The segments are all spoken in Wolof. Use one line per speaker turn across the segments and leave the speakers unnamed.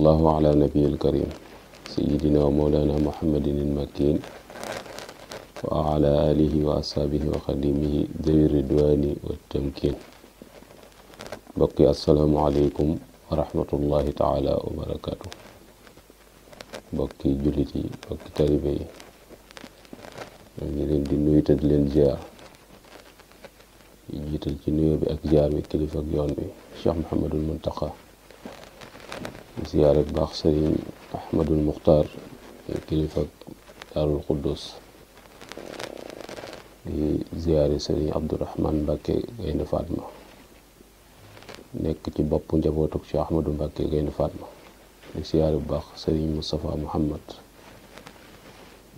الله على نبي الكريم سيدنا ومولانا محمد المكين وعلى آله وأصحابه وخدمه ذوي الردوان والتمكين بقي السلام عليكم ورحمة الله تعالى وبركاته بقي جلتي بقي تاريبي نجلين دي نوية دلين جار يجيتل جنوية بأكجار بكلفة يون بي شيخ محمد المنتقى ziyaare bu baax sëriñ ahmadul muxtaar kilifa daarul quddus di ziyaare sëriñ abdurahman mbàkke gaynde faatma nekk ci boppu njabootug ci ahmadu mbàkke gaynde faatma di ziyaare bu baax sëriñ mustafa muhammad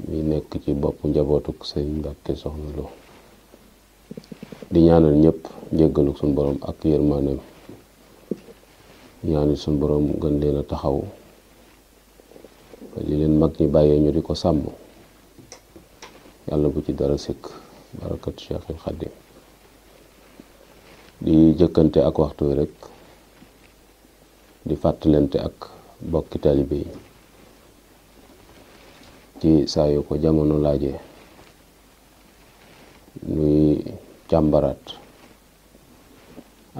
mi nekk ci boppu njabootuk sëriñ mbàkke soxna lo ñaanal ñëpp njëggaluk suñu borom ak yërmaaneem ñaani sun borom gën leena taxaw di leen mag ñi bàyyee ñu di ko sàmm yàlla bu ci dara sëkk barakat cheikhul khadim di jëkkante ak waxtu rek di fàttalante ak bokki talibé yi ci saa yu ko jamono laaje nuy càmbaraat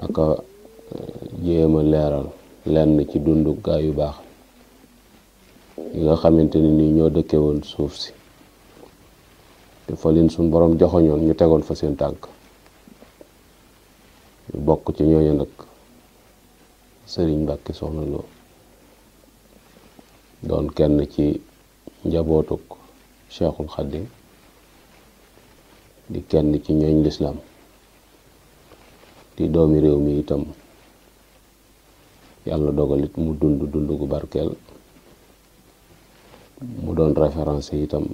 ak jéem a leeral lenn ci dundu gaa yu baax yi nga xamante ni ñoo dëkke woon suuf si te fa suñ borom joxoñoon ñu tegoon fa seen tànk ñu bokk ci ñooñu nag sëriñ Mbàkke Soxna Lo doon kenn ci njabootuk Cheikhul Xadim di kenn ci ñooñ lislaam di doomi réew mi itam yàlla dogalit mu dund dund gu barkel mu don référence itam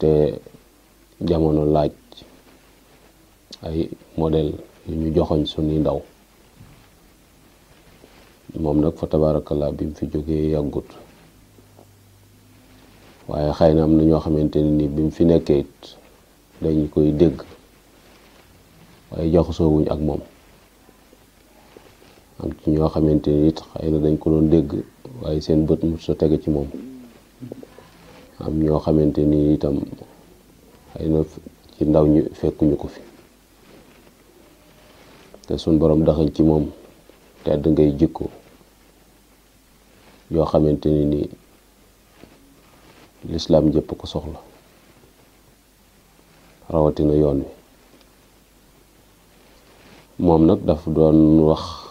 te jamono laaj ay model yu ñu joxoñ suñu ndaw mom nak fa tabarakallah bi mu fi jógee yagut waye xeyna am na ño xamanteni ni bi mu fi nekké dañ koy dégg wuñ ak mom ak ci ñoo xamante ni it xëy na dañ ko doon dégg waaye seen bët mu sa tege ci moom am ñoo xamante nii itam xëy na ci ndaw ñi fekkuñu ko fi te suñ boroom daxal ci moom tedd ngay jikko yoo xamante ni nii lislaam jëpp ko soxla rawatina yoon wi moom nag daf doon wax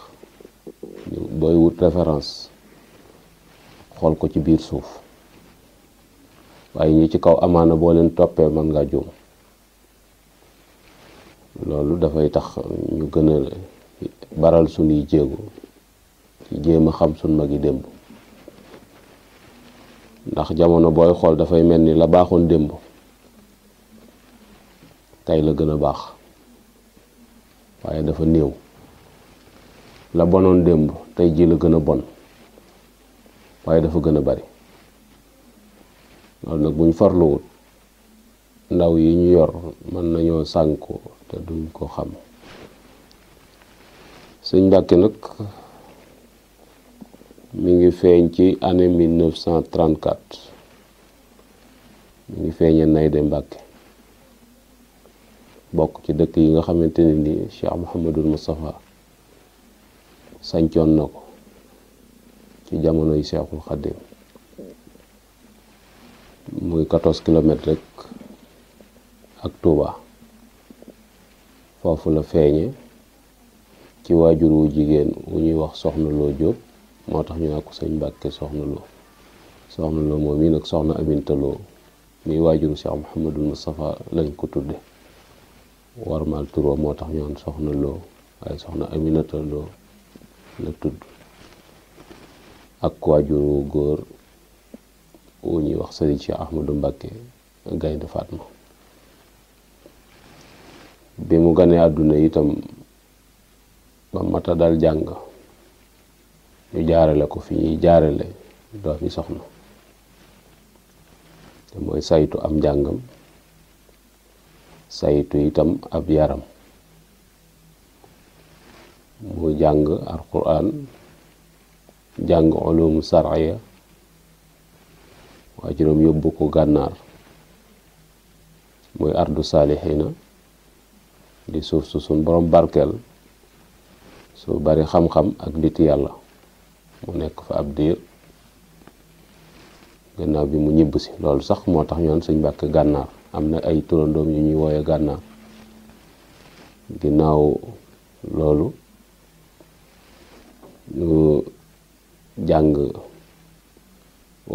booy wut référence xool ko ci biir suuf waaye ñi ci kaw amaana boo leen toppee mën ngaa juum loolu dafay tax ñu gën baral sunuy jéego ci jéem a xam sun mag yi démb ndax jamono booy xool dafay mel ni la baaxoon démb tey la gën a baax waaye dafa néew la bonoon démb tey jii la gën a bon waaye dafa gën a bari loolu nag buñ farluwut ndaw yi ñu yor mën nañoo sànku te duñ ko xam sëñ Mbàkke nag mu ngi feeñ ci année 1934 mu ngi feeñee Naydé Mbàkke bokk ci dëkk yi nga xamante ne ni Cheikh Mouhamadul Moustapha sancoon na ko ci jamonoy Seexul Xaddim muy quatorze kilomètres rek ak Touba foofu la feeñe ci waajur wu jigéen wu ñuy wax soxna Loo Jóob moo tax ñu naa ko sëñ Mbàkke soxna Loo soxna Loo mii nag soxna Aminta Loo muy waajuru Cheikh Mouhamadul Moustapha lañ ko tudde warmal turoo moo tax ñu naan soxna Loo waaye soxna Aminata Loo la tudd ak wu góor wu ñuy wax sëriñ Cheikh Ahmadou Mbacke Gaynde Fatma bi mu ganee àdduna itam ba mata dal jàng ñu jaarale ko fi ñuy jaarale doomi soxna te mooy saytu am njàngam saytu itam ab yaram jàng alquran jangga ulum saraya waajuram yóbbu ko gànnaar moy ardu salihina di suuf su sun borom barkel su bari xam-xam ak nit yalla mu nek fa abdir gannaaw bi mu ñibb si loolu sax moo tax ñoon sëñ bakk gànnaar amna ay turandom yu ñuy woyé loolu ñu jàng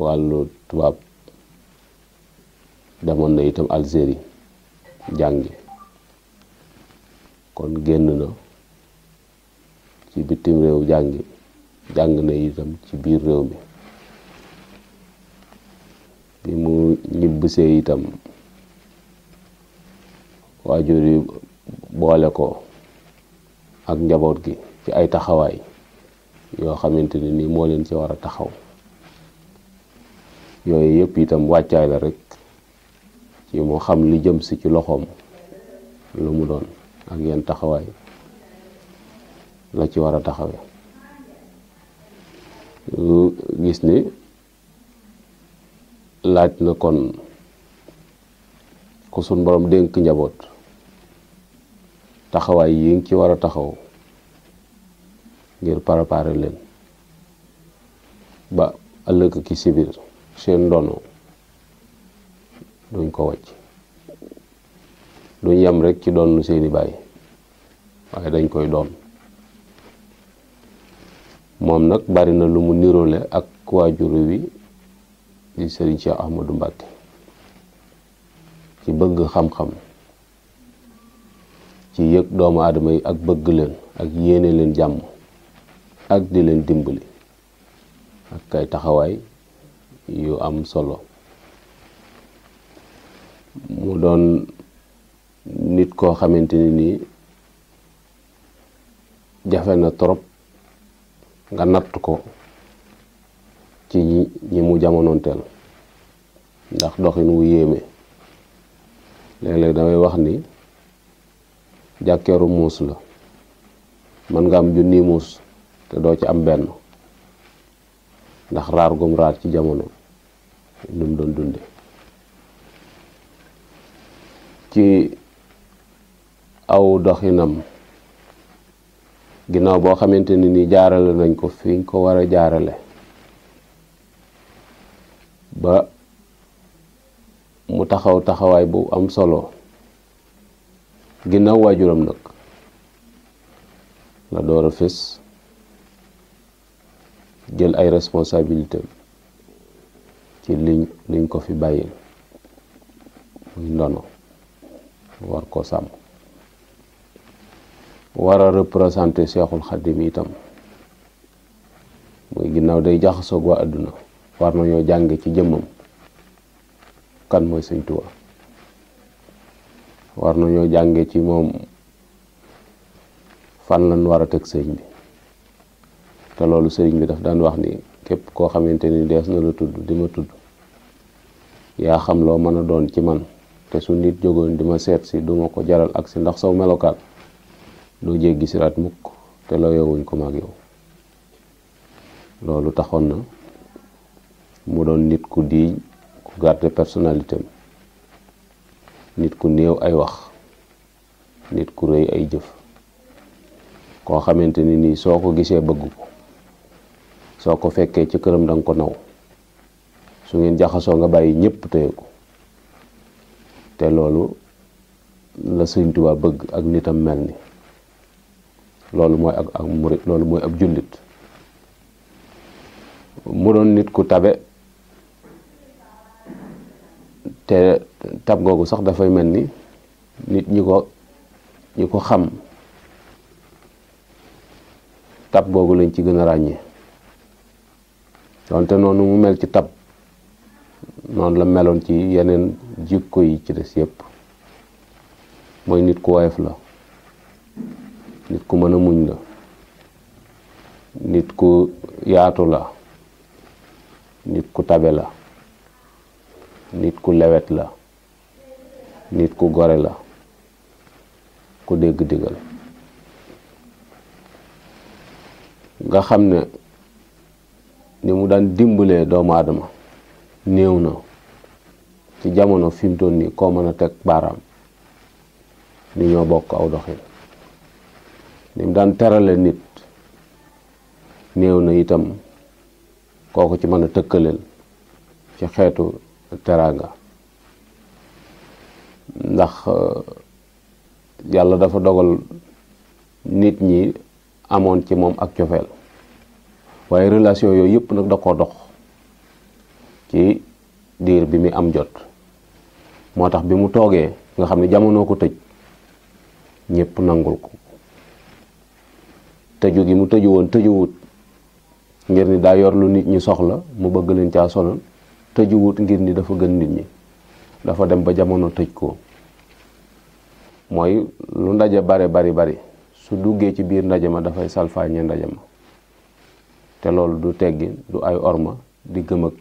wàllu tubaab demoon na itam Algérie jàngi kon génn na ci bitim réew jàngi jàng na itam ci biir réew mi bi mu ñibbisee itam waajur yi boole ko ak njaboot gi ci ay taxawaay yo xamanteni ni mo len ci wara taxaw yooyu yep itam waccay la rek ci mo xam li jëm si ci loxom lu mu doon ak yeen taxaway la ci wara a taxawe gis ni laaj na kon ko sun borom denk njabot taxaway yi ci wara taxaw ngir préparer leen ba ëllëg ki si biir seen ndono duñ ko wàcc duñ yam rek ci doon seeni baay waaye dañ koy doon moom nag bari na lu mu niroole ak waajur wi di sëriñ Cheikh Ahmadou Mbacke ci bëgg xam-xam ci yëg doomu aadama yi ak bëgg leen ak yéene leen jàmm ak di leen dimbali ak ay taxawaay yu am solo mu doon nit koo xamante ni nii jafe na trop nga natt ko ci ñi mu jamonoonteel ndax doxin wu yéeme léeg-léeg damay wax ni jàkkeeru muus la man nga am junni muus te doo ci am benn ndax raar gum raar ci jamono lu doon dunde ci aw doxinam ginnaaw boo xamante ni nii jaarale nañ ko fi ñu ko war a jaarale ba mu taxaw taxawaay bu am solo ginnaaw waajuram nag la door a fés jël ay responsabilité ci liñ liñ ko fi bayil muy ndono war ko sam war a représenté cheikhul Xadim itam muy ginnaaw day jaxasoog waa àdduna war nañoo jàng ci jëmmam kan mooy Sëñ tuwa war nañoo jàngee ci moom fan lan war a teg sëñ bi te loolu sëriñ bi daf daan wax ni képp koo xamante ni dees na la tudd di ma tudd yaa xam loo mën a doon ci man te su nit jógoon di ma seet si duma ko jaral ak si ndax saw melokaan doo jéggi siraat mukk te yowuñ ko maag yow loolu taxoon na mu doon nit ku diiñ ku garde personnalité nit ku néew ay wax nit ku rëy ay jëf koo xamante ni nii ko gisee bëgg ko soo ko fekkee ci këram da nga ko naw su ngeen jaxasoo nga bàyyi ñëpp téye ko te loolu la Sëriñ Tuubaa bëgg ak nitam mel ni loolu mooy ak ak murit loolu mooy ab jullit mu doon nit ku tabe te tab googu sax dafay mel ni nit ñi ko ñi ko xam tab googu lañ ci gën a ràññee donte noonu mu mel ci tab noonu la meloon ci yeneen jikko yi ci des yépp mooy nit ku woyof la nit ku mën a muñ la nit ku yaatu la nit ku tabe la nit ku lewet la nit ku gore la ku dégg digal nga xam ne ni mu daan dimbalee doomu adama néew na ci jamono fi mu toll nii koo mën a teg baaraam ni ñoo bokk aw doxin ni mu daan terale nit néew na itam kooku ci mën a tëkkaleel ci xeetu teraanga ndax euh, yàlla dafa dogal nit ñi amoon ci moom ak cofeel waaye relation yooyu yëpp nag da koo dox ci diir bi mi am jot moo tax bi mu toogee nga xam ne jamono ko tëj ñëpp nangul ko tëju gi mu tëju woon tëjuwut ngir ni daa yor lu nit ñi soxla mu bëgg leen caa sonal tëjuwut ngir ni dafa gën nit ñi dafa dem ba jamono tëj ko mooy lu ndaje bare bari bari su duggee ci biir ndaje ma dafay ñe ndaje ma te loolu du teggin du ay orma di gëm ak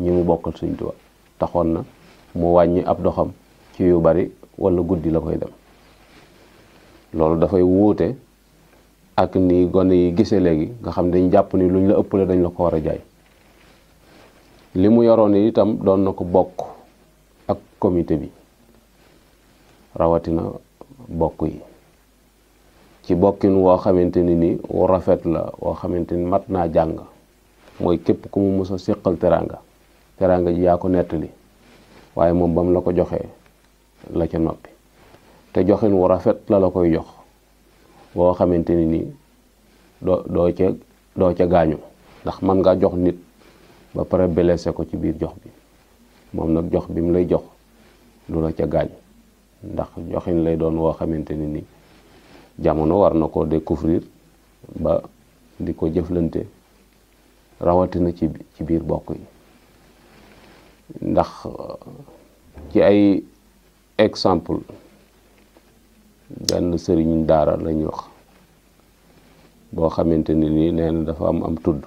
ñi mu bokkal Sëñ Tuubaa taxoon na mu wàññi ab doxam ci yu bari wala guddi la koy dem loolu dafay wuute ak ni gone yi gisee léegi nga xam ne dañ jàpp ni lu ñu la ëppale dañ la ko war a jaay li mu yoroon itam doon na ko bokk ak comité bi rawatina bokk yi ci bokkin woo xamante nii ni rafet la woo xamante ni mat naa jàng mooy képp ku mu mos a séqal teraanga teraanga ji yaa ko nettali waaye moom ba mu la ko joxee la ca noppi te joxin wu rafet la la koy jox woo xamante ni ni doo doo ca doo ca gaañu ndax mën ngaa jox nit ba pare blessé ko ci biir jox bi moom nag jox bi mu lay jox du la ca gaañ ndax joxin lay doon woo xamante ni ni jamono war na ko découvrir ba di ko jëflante rawatina ci ci biir bokk yi ndax uh, ci ay exemple benn sëriñ daara lañu wax boo xamante ni nii nee dafa am am tudd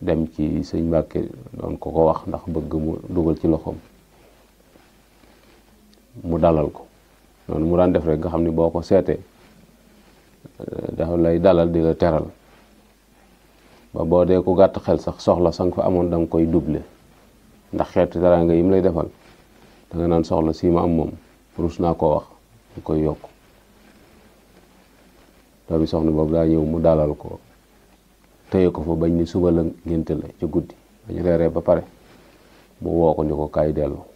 dem ci sëñ Mbàkke doon ko ko wax ndax bëgg mu dugal ci loxoom mu dalal ko noonu mu daan def rek nga xam ni boo ko seetee eh, dafa lay dalal di la teral ba boo dee ku gàtt xel sax soxla sa nga fa amoon danga koy duble ndax xeetu teraanga nga yim lay defal da nga naan soxla sii ma am moom rus naa koo wax da koy yokk doomi soxna boobu daa ñëw mu dalal ko téye ko fa bañ ni suba la ngénte la ci guddi bañ reeree ba pare mu woo ko ni ko kaay dellu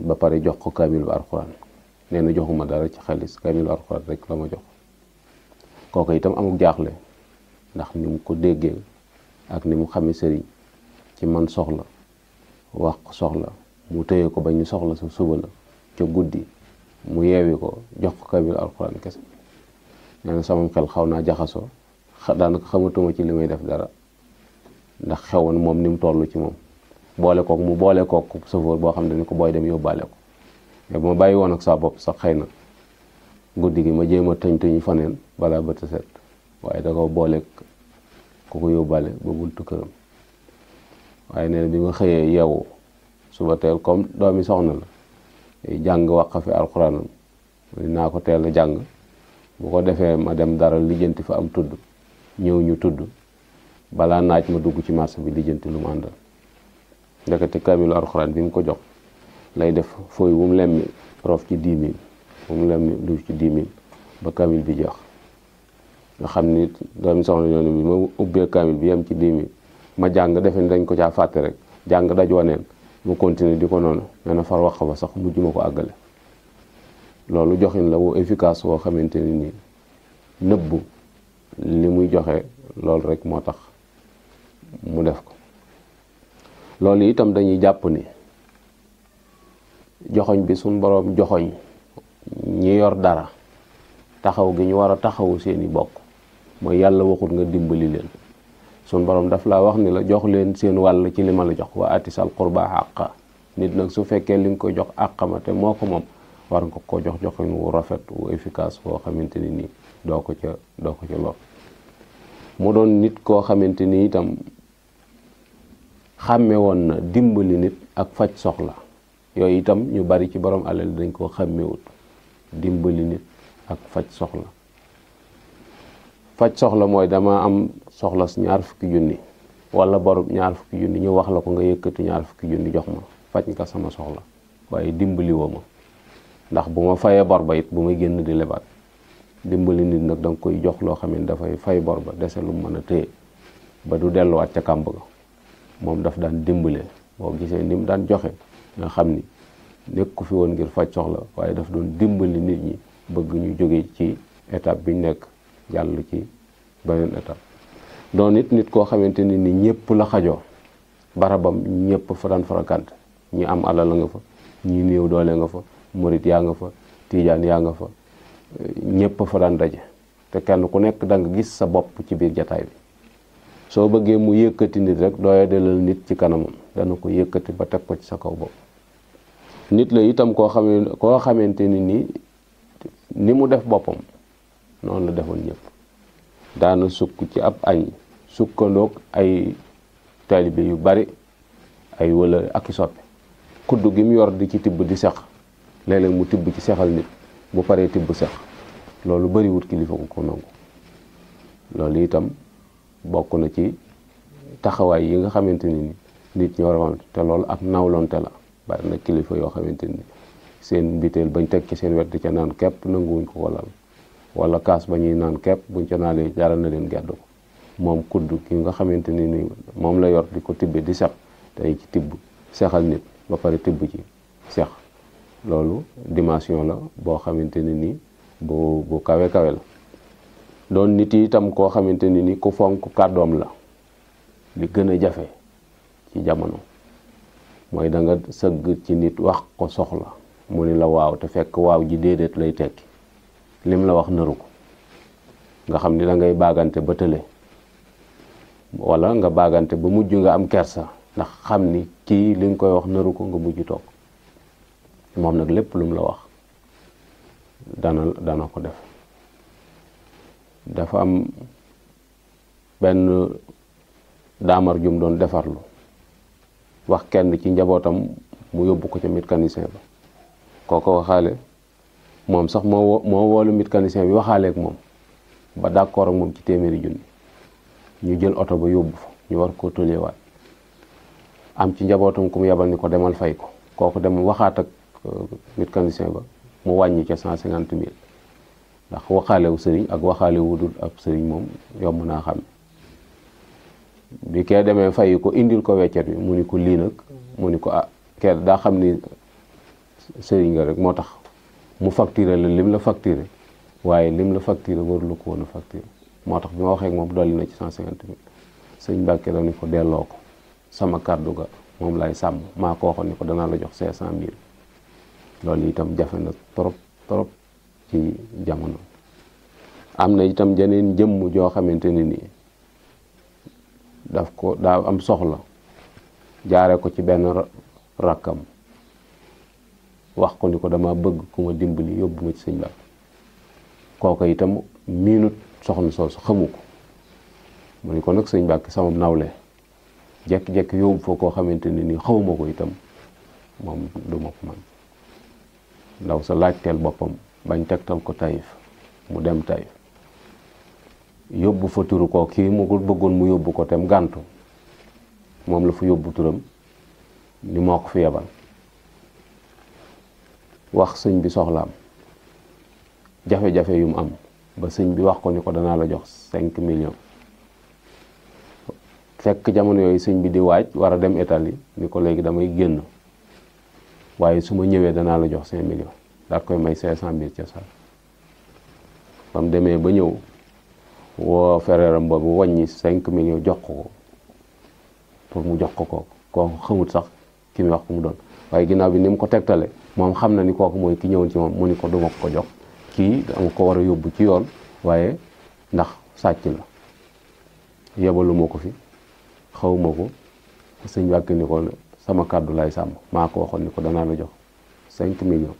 ba pare jox ko kaamil bu alxuraan nee na joxuma dara ci xaalis kaamil bu alxuraan rek la ma jox kooku itam amul jaaxle ndax ni mu ko déggee ak ni mu xamee sëriñ ci man soxla wax soxla mu téye ko ba ñu soxla sa suba la ca guddi mu yeewi ko jox ko kaamil alxuraan kese nee na sama xel xaw naa jaxasoo daanaka xamatuma ci li may def dara ndax xewoon moom ni mu toll ci moom boole kook mu boole kook chauffeur boo xam ne ni ko booy dem yóbbaale ko mais bu ma bàyyi woon ak saa bopp sax xëy na guddi gi ma jéem a tëñ tëñu faneen balaa bët set waaye da ko boole ku ko yóbbaale ba buntu këram waaye nee na bi ma xëyee yeewu suba teel comme doomi soxna la jàng wàqafi alxuraanam naa ko teel a jàng bu ko defee ma dem dara lijjanti fa am tudd ñëw ñu tudd balaa naaj ma dugg ci marché bi lijjanti lu mu àndal ndekete kaamilu alxuraan bi mu ko jox lay def fooy wu mu lemmi roof ci dix mille wu mu lemmi duuf ci dix ba kaamil bi jeex nga xam ni doomi soxna ñooñu bi ma ubbee kaamil bi yem ci dix mille ma jàng defe dañ ko caa fàtte rek jàng daj waneen mu continuer di ko noonu nee na far wax ba sax mujj ma ko àggale loolu joxin la woo efficace woo xamante ni nii nëbbu li muy joxe loolu rek moo tax mu def ko loolu itam dañuy jàpp ni joxoñ bi sun borom joxoñ ñi yor dara taxaw gi ñu war a taxawu seeni bokk mooy yàlla waxut nga dimbali leen sun borom daf laa wax ni la jox leen seen wàll ci li ma la jox wa atisal qurba àqa nit nag su fekkee li nga ko jox àqama te moo ko moom war nga ko jox joxin wu rafet wu efficace koo xamante ni nii doo ko ca doo ko ca lor mu doon nit koo xamante ni itam xamé won na dimbali nit ak fajj soxla yoy itam ñu bari ci borom alal dañ xamé wut dimbali nit ak fajj soxla fajj soxla moy dama am soxla ñaar fukki junni wala borub ñaar fukki junni ñu wax la ko nga yëkëti ñaar fukki junni jox ma fajj nga sama soxla waye dimbali woma ma ndax buma fayé fayee bor ba it buma genn di lebat dimbali nit nak dang koy jox lo xamé da fay fay bor ba lu mëna a ba du wat ca moom daf daan dimbale boo gisee ni mu daan joxe nga xam ni nekk fi woon ngir faj soxla waaye daf doon dimbali nit ñi bëgg ñu jóge ci étape bi ñu nekk jàll ci beneen étape. doon nit nit koo xamante ni ni ñëpp la xajoo barabam ñëpp fa daan farakant ñi am alal la nga fa ñi néew doole nga fa murit yaa nga fa tiijaan yaa nga fa ñëpp fa daan daje te kenn ku nekk da nga gis sa bopp ci biir jataay bi. soo bëggee mu yëkkati nit rek dooya delal nit ci kanamam dana ko yëkkati ba teg ko ci sa kaw bopp nit la itam koo xame koo xamante ni nii ni mu def boppam noonu la defoon ñëpp daana sukk ci ab añ sukkandook ay taalibe yu bari ay wala ak i soppe kudd gi mu yor di ci tibb di sex léeg-léeg mu tibb ci sexal nit bu paree tibb sex loolu bariwut kilifa ko ko nangu loolu itam bokk na ci taxawaay yi nga xamante ni nit ñi war te loolu ab nawlonte la bari na kilifa yoo xamante ni seen biteel bañ teg ci seen wet di ca naan képp nanguwuñ ko walal wala kaas ba ñuy naan képp buñ ca naanee jaral na leen gedd ko moom kudd ki nga xamante ni moom la yor di ko tibbe di sex dañ ci tibb sexal nit ba pare tibb ci sex loolu dimension la boo xamante ni nii bu bu kawe kawe la Don nit yi tam koo xamante ni ku fonk kàddoom la li gën a jafe ci jamono mooy da nga sëgg ci nit wax ko soxla mu ni la waaw te fekk waaw ji déedéet lay tekki lim la wax naru ko nga xam ni da ngay baagante ba tële wala nga baagante ba mujj nga am kersa ndax xam ni kii li nga koy wax naru ko nga mujj toog moom nag lépp lu la wax dana dana ko def dafa am benn daamar jum doon defarlu wax kenn ci njabootam mu yóbbu ko ca mécanicien ba kooko waxaale moom sax moo moo woolu mécanicien bi waxaaleek moom ba d'accord ak moom ci téeméeri junni ñu jël oto ba yóbbu ñu war koo tolleewaat am ci njabootam ku mu yabal ni ko demal fay ko kooku dem waxaat ak euh, mécanicien ba mu wàññi ca cent cinquante mille ndax waxaalewu sëriñ ak waxaale wudul ab sëriñ moom yomb naa xam bi kee demee fay ko indil ko weccet bi mu ni ko lii nag mu ni ko ah kee daa xam ni sëriñ nga rek moo tax mu facturé la lim la facturé waaye lim la facturé warulu ko woon a facturé moo tax bi ma waxee moom dolli na ci cent cinquante mille sëñ Mbàkke daf ni ko delloo ko sama kàddu ga moom lay sàmm maa ko waxoon ni ko danaa la jox cinq cent mille loolu itam jafe na trop trop ci jamono am na itam jeneen jëmm joo xamante ne nii daf ko daa am soxla jaare ko ci benn rakkam wax ko ni ko dama bëgg ku dimb dimbali yóbbu ma ci sëñ Laat kooku itam miinut soxna soosu xamu ko mu ni ko nag sëñ Mbàkke sama nawle jekk-jekk yóbbu fa koo xamante ne nii xawma ko itam moom du ma man ndaw sa laajteel boppam bañ tegtal ko Taïf mu dem Taïf yóbbu fa turu ko kii mu ko bëggoon mu yóbbu ko tem gàntu moom la fa yóbbu turam ni moo ko fi yebal wax sëñ bi soxlaam jafe-jafe yu mu am ba sëñ bi wax ko ni ko danaa la jox cinq millions fekk jamono yooyu sëñ bi di waaj war a dem Italie ni ko léegi damay génn waaye su ma ñëwee danaa la jox cinq million daal koy may cinq cent mille ca sax demee ba ñëw woo fereeram boobu wàññi cinq millions jox ko pour mu jox ko ko kooku xamut sax ki mu wax ku mu doon waaye ginnaaw bi ni mu ko tegtale moom xam na ni kooku mooy ki ñëwoon ci moom mu ni ko duma ko jox kii dama ko war a yóbbu ci yoon waaye ndax sàcc la yebaluma ko fi xawuma ko sëñ wàkki ni ko sama kàddu lay sàmm maa ko waxoon ni ko danaa la jox cinq millions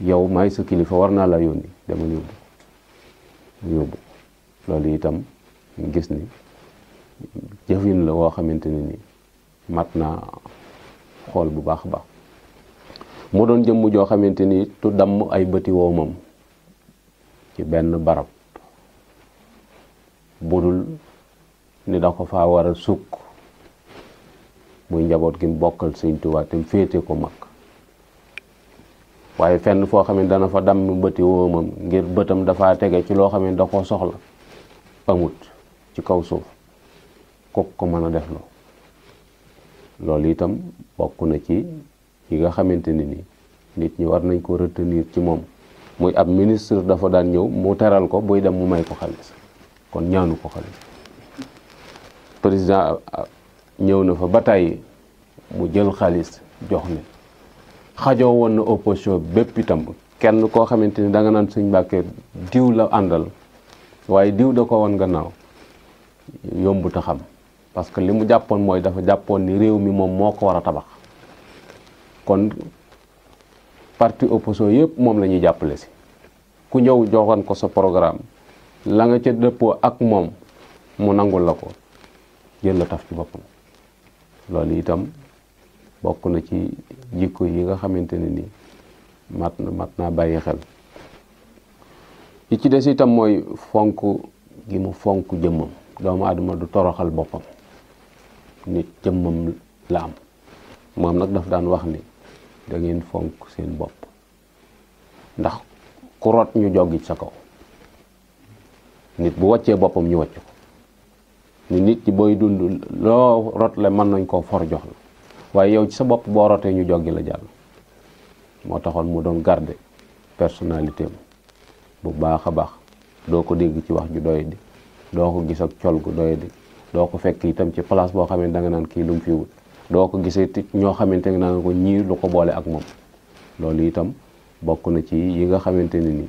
yow maay sa kilifa war naa la yónni demal yóbbu yóbbu loolu itam gis ni jëfin la woo xamante ne mat naa xool bu baax a baax mu doon jëmm joo xamante ni tu damm ay bëti woomam ci benn barab budul ni da ko faa war a sukk muy njaboot ki mu bokkal Sëñ Tuubaa te mu féete ko mag waaye fenn foo xam ne dana fa damm bëti woomam ngir bëtam dafa tege ci loo xam ne da koo soxla amut ci kaw suuf kook ko mën a def loo loolu itam bokk na ci yi nga xamante ni ni nit ñi war nañ ko retenir ci moom muy ab ministre dafa daan ñëw mu teral ko buy dem mu may ko xaalis kon ñaanu ko xaalis président ah, ah, ñëw na fa ba tàyyi mu jël xaalis jox nit xajo won na opposition bepp itam kenn ko xamanteni da nga nan seigne mbacke diw la andal waye diw da ko won gannaaw yombu ta xam parce que limu jappone moy dafa jappone ni rew mi mom moko wara tabax kon parti opposition yep mom lañuy jappalé ci ku ñew joxoon ko sa programme la nga ci depo ak mom mu nangul la ko jël la taf ci boppam loolu itam bokku na ci jikko yi nga xamanteni ni mat mat na bàyyi xel yi ci dess itam moy fonk gi mu fonk jëmmam doomu aadama du toroxal boppam nit jëmmam la am mom nak daf daan wax ni da ngeen fonk seen bopp ndax ku rot ñu joggi ci kaw nit bu wacce boppam ñu ni nit ci boy dund lo rot le man nañ ko for jox waaye yow ci sa bopp boo rootee ñu joggi la jàll moo taxoon mu doon garde personnalité am bu baax a baax doo ko dégg ci wax ju doy doo ko gis ak col gu doy di doo ko fekk itam ci place boo xam ne da nga naan kii lu mu doo ko gisee ñoo xamante ne naa ko ñii lu ko boole ak moom loolu itam bokk na ci yi nga xamante ne ni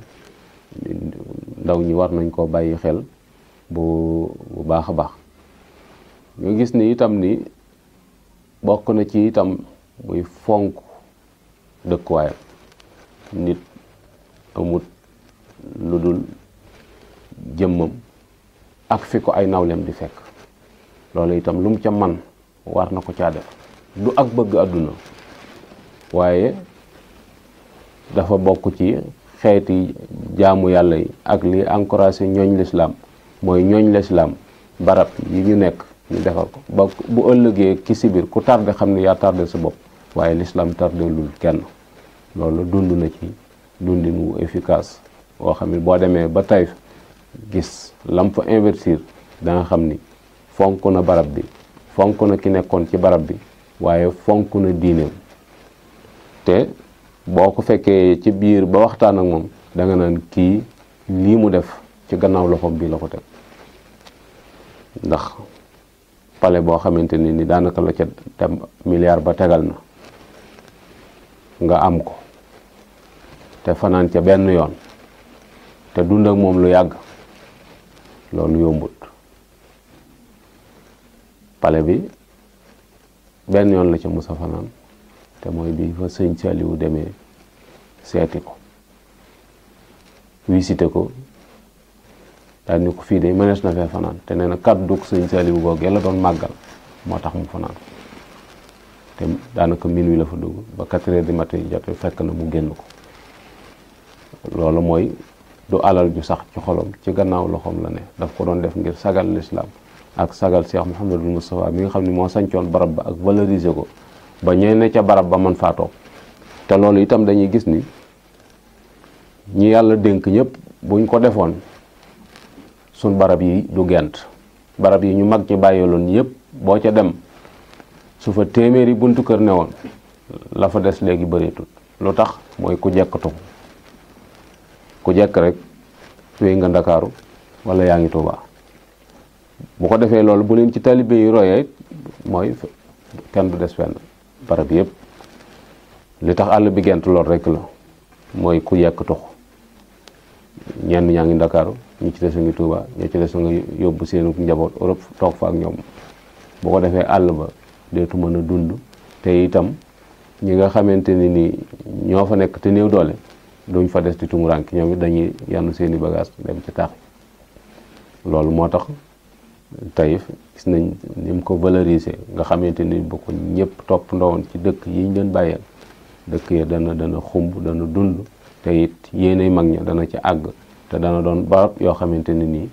ndaw ñi war nañ koo bàyyi xel bu bu baax a baax gis ni itam ni bokk na ci itam muy fonk dëkkuwaayam nit amut lu dul jëmmam ak fi ko ay nawleem di fekk loolu itam lu mu ca man war na ko caa def du ak bëgg àdduna waaye dafa bokk ci xeeti jaamu yàlla yi ak li encouragé ñooñ lislaam mooy ñooñ lislaam barab yi ñu nekk ñu defar ko bu ëllëgee ki si biir ku tardé xam ne yaa tardé sa bopp waaye l'islam tardé lul kenn loolu dund na ci dundin wu efficace boo xam ne boo demee ba Taïf gis lamp fa danga xam ni fonk na barab bi fonk na ki nekkoon ci barab bi waaye fonk na diineem te boo ko fekkee ci biir ba waxtaan ak moom danga nga naan kii lii mu def ci gannaaw loxoom bii la ko teg ndax pale boo xamante ne ni daanaka la ca dem milliard ba tegal na nga am ko te fanaan ca benn yoon te dund ak moom lu yàgg loolu yombut pale bi benn yoon la ca musa fanaan te mooy bi fa sëñ Saliou demee seeti ko visité ko daal ni ko fii de mënees na fee fanaan te nee na kàddu ko sëñ Saaliwu googee doon màggal moo tax mu fanaan te daanaka minuit la fa dugg ba quatre heures du matin jot fekk na mu génn ko loolu mooy du alal ju sax ci xolom ci gannaaw loxoom la ne daf ko doon def ngir sagal lislaam ak sagal Cheikh Mouhamadul Moustapha mi nga xam ne moo sancoon barab ba ak valoriser ko ba ñee ne ca barab ba man faa toog te loolu itam dañuy gis ni ñi yàlla dénk ñëpp buñ ko defoon sun barab yi du gent barab yi ñu mag ci bàyyiloon yépp boo ca dem su fa téeméeri buntu kër on, la fa des léegi bëreetul lu tax mooy ku jekkatu ku jekk rek wéy nga ndakaaru wala yaa ngi tuuba bu ko defee loolu bu leen ci talibé yi royé mooy kenn du des fenn barab yépp li tax bi gent lool rek la mooy ku yekk ñenn ñaa ngi Ndakaaru ñu ci des a ngi Touba ñu ci des a ngi yóbbu seen njaboot Europe toog fa ak ñoom boo ko defee àll ba deetu mën a dund te itam ñi nga xamante ni ni ñoo fa nekk te néew doole duñ fa des di tumurank ñoom it dañuy yannu seeni i dem ci taax loolu moo tax Taïf gis nañ ni ko valoriser nga xamante ni bu ko ñëpp topp ndowoon ci dëkk yiñ ñu leen bàyyeel dëkk ya dana dana xumb dana dund te it mag ñoo dana ci àgg te dana doon barab yoo xamante ne nii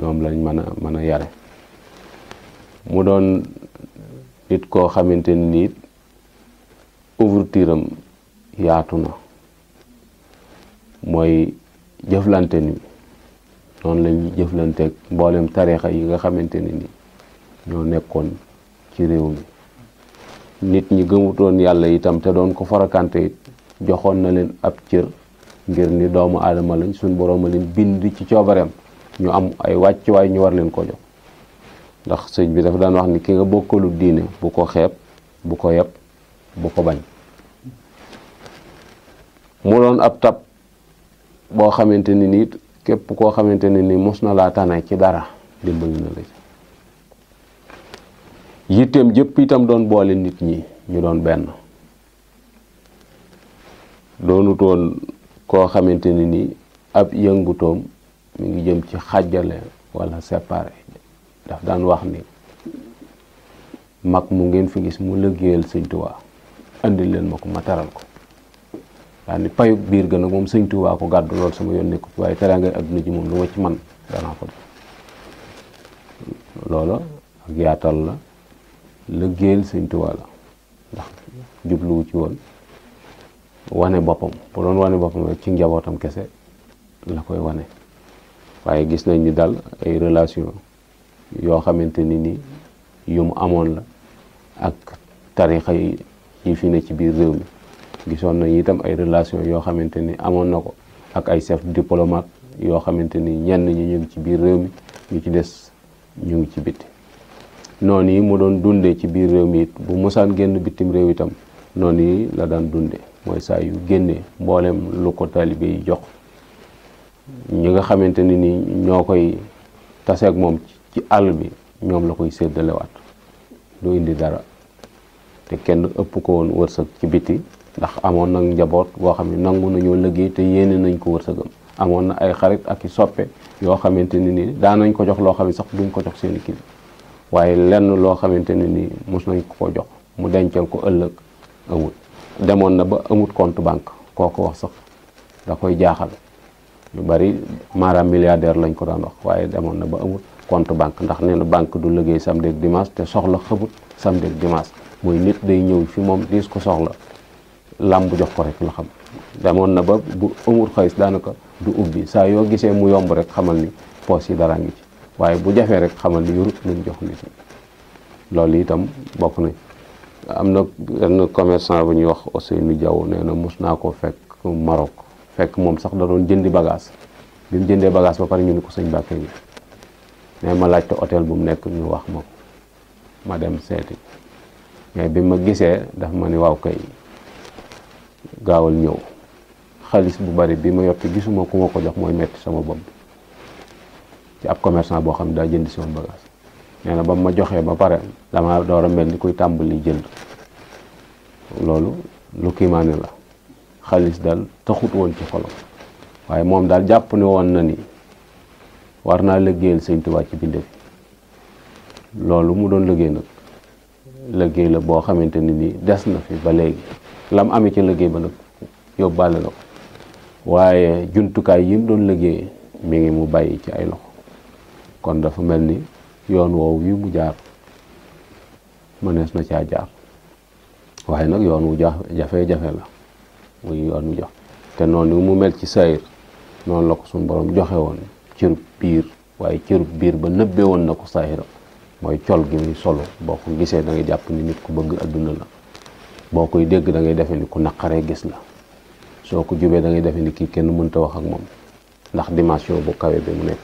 ñoom lañ mën a mën a yare mu doon nit koo xamante ni nii ouverture am yaatu na mooy jëflante ni noonu lañ jëflanteeg mboolem tariixa yi nga xamante ne nii ñoo nekkoon ci réew mi nit ñi gëmutoon yàlla itam te doon ko farakante it joxoon na leen ab cër ngir ni doomu adama lañ suñ borom lañ bind ci ciobarem ñu am ay way ñu war leen ko jox ndax señ bi dafa daan wax ni ki nga bokkolu diine bu ko xeb bu ko yeb bu ko bañ mu doon ab tab boo xamante ni nit képp koo xamante ni ni mos na laa tane ci dara dimbali na la ci jëpp itam doon boole nit ñi ñu doon benn doonut woon koo xamanteni ni ab yëngutoom mi ngi jëm ci xajale wala séparé daf daan wax ni mag mu ngeen fi gis mu lëggéeyal sëñ Tuubaa andi leen ma ko ma taral ko daa ni biir ga nag moom sëñ ko gàddu lool sama yoon nekku waaye teraa nga adduna ji moom lu ma ci man danaa ko def loola ak yaatal la lëggéeyal sëñ Tuubaa la ndax jublu ci woon wane boppam bu doon wane boppam rek ci njabootam kese la koy wane waaye gis nañ ni daal ay relation yoo xamante ni ni yu mu amoon la ak tarixa yi fi ne ci biir réew mi gisoon nañ itam ay relation yoo xamante ni amoon na ko ak ay chef diplomate yoo xamante ni ñenn ñi ñu ci biir réew mi ñu ci des ñu ngi ci biti noon yi mu doon dundee ci biir réew mi it bu mosaan genn bitim réew itam noonu yi la daan dundee mooy saa yu génnee mboolem lu ko taalibe yi jox ñi nga xamante ne ni ñoo koy taseeg moom ci àll bi ñoom la koy séddalewaat du indi dara te kenn ëpp ko woon wërsëg ci biti ndax amoon nag njaboot boo xam ne nangu nañoo liggéey te yéene nañ ko wërsëgam amoon na ay xarit ak i soppe yoo xamante ne ni daan nañ ko jox loo xam ne sax duñ ko jox seeni i waaye lenn loo xamante ne ni mos nañ ko jox mu dencal ko ëllëg awul demon na ba amut compte banque koko wax sax da koy jaxal ñu bari maanaam milliardaire lañ ko doon wax waye demoon na ba amut compte banque ndax neena bank banque du liggey samedi dimanche te soxla xebut samedi dimanche moy nit day ñew fi mom dis ko soxla lamb jox ko rek la xam demoon na ba bu amut xaalis danaka du ubbi sa yo gisee mu yomb rek xamal ni pos yi dara ngi ci waye bu jafé rek xamal ni yorut ñu jox nit loolu itam bokku nañ am na benn commerçant bu ñuy wax Ousseynou Diaw nee na mos naa ko fekk Maroc fekk moom sax da doon jëndi bagage bi mu jëndee bagage ba pare ñu ni ko sañ Mbàkke yi mais ma laajte hôtel bu mu nekk ñu wax ma ko ma dem seeti mais bi ma gisee daf ma ni waaw kay gaawal ñëw xaalis bu bari bi ma yotti gisuma ku ma ko jox mooy metti sama bopp ci ab commerçant boo xam ne daa jënd si woon bagage nee na mu ma joxee ba pare dama door a mel ni kuy tàmbali jënd loolu lu kiimaane la xaalis daal taxut woon ci xolam waaye moom daal jàpp ne woon na ni war naa liggéeyal sëñ Tuubaa ci bindee bi loolu mu doon liggéey nag liggéey la boo xamante ni nii des na fi ba léegi lam amee ci liggéey ba nag yóbbaale na ko waaye jumtukaay yi mu doon liggéey mu ngi mu bàyyi ci ay loxo kon dafa mel ni yoon woowu wi mu jaar mënees na caa jaar waaye nag yoon wu jafe-jafe la muy yoon wu jox te noonu mu mel ci sayir noonu la ko suñ boroom joxe woon cërub biir waaye cërub biir ba nëbbee woon na ko sayiram mooy col gi muy solo boo ko gisee da ngay jàpp ni nit ku bëgg àdduna la boo koy dégg da ngay defe ni ku naqaree gis la soo ko jubee da ngay defe ni kii kenn mënta wax ak moom ndax dimension bu kawe bi mu nekk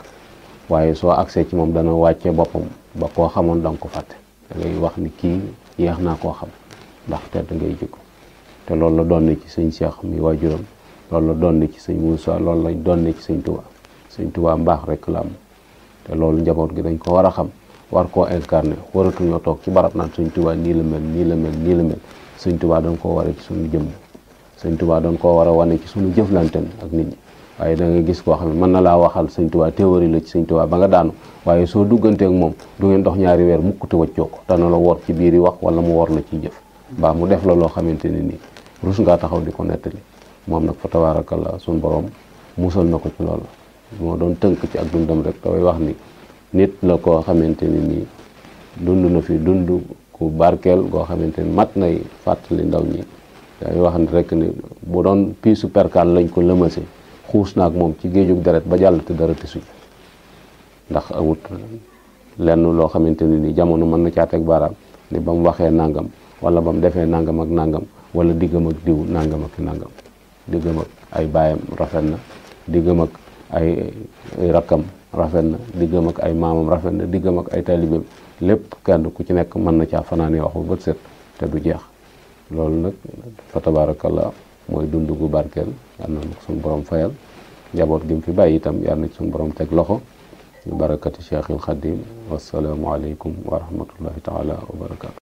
waaye soo agsee ci moom dana wàcce boppam ba koo xamoon danga ko fàtte da wax ni kii yeex naa koo xam ndax tedd ngay jug te loolu la doon ci sëñ Cheikh mi waajuram loolu la doon ci sëñ Moussa loolu la doon ci sëñ Touba sëñ Touba mbaax rek la am te loolu njaboot gi dañ ko war a xam war koo incarné waratuñoo toog ci barab naan sëñ Touba nii la mel nii la mel nii la mel sëñ Touba dañ war a ci suñu jëmm sëñ Touba dañ koo war a wane ci suñu jëflante ak nit ñi waaye da nga gis koo xam ne mën na laa waxal sëñ Tuubaa théorie la ci sëñ ba nga daanu waaye soo dugganteek moom du ngeen dox ñaari weer mukk te wàccoo ko dana la woor ci biir yi wax wala mu wor la ci jëf mbaa mu def la loo xamante ne nii rus ngaa taxaw di ko nettali moom nag fa tabaarakallaa suñ boroom musal na ko ci loolu moo doon tënk ci ak dundam rek dafay wax ni nit la koo xamante ne nii dund na fi dund ku barkeel goo xamante ni mat nay fàttali ndaw ñi dafay rek bu doon piisu perkaal lañ ko lëmase xuus naag moom ci géejug deret ba jàll te dara tisu ndax awut lenn loo xamante ne ni jamono mën na caa teg baaraam ni ba mu waxee nangam wala ba mu defee nangam ak nangam wala diggam ak diw nangam ak nangam diggam ak ay baayam rafet na diggam ak ay rakkam rafet na diggam ak ay maamam rafet na diggam ak ay taalibeem lépp kenn ku ci nekk mën na caa fanaanee waxu bët set te du jeex loolu nag fa tabaarakallaa mooy dund gu barkeel yal na suñu borom fayal njaboot gi mu bàyyi itam yal na suñu borom teg loxo barakati Cheikhul Khadim wasalaamualeykum wa rahmatullahi taala wa barakaatu.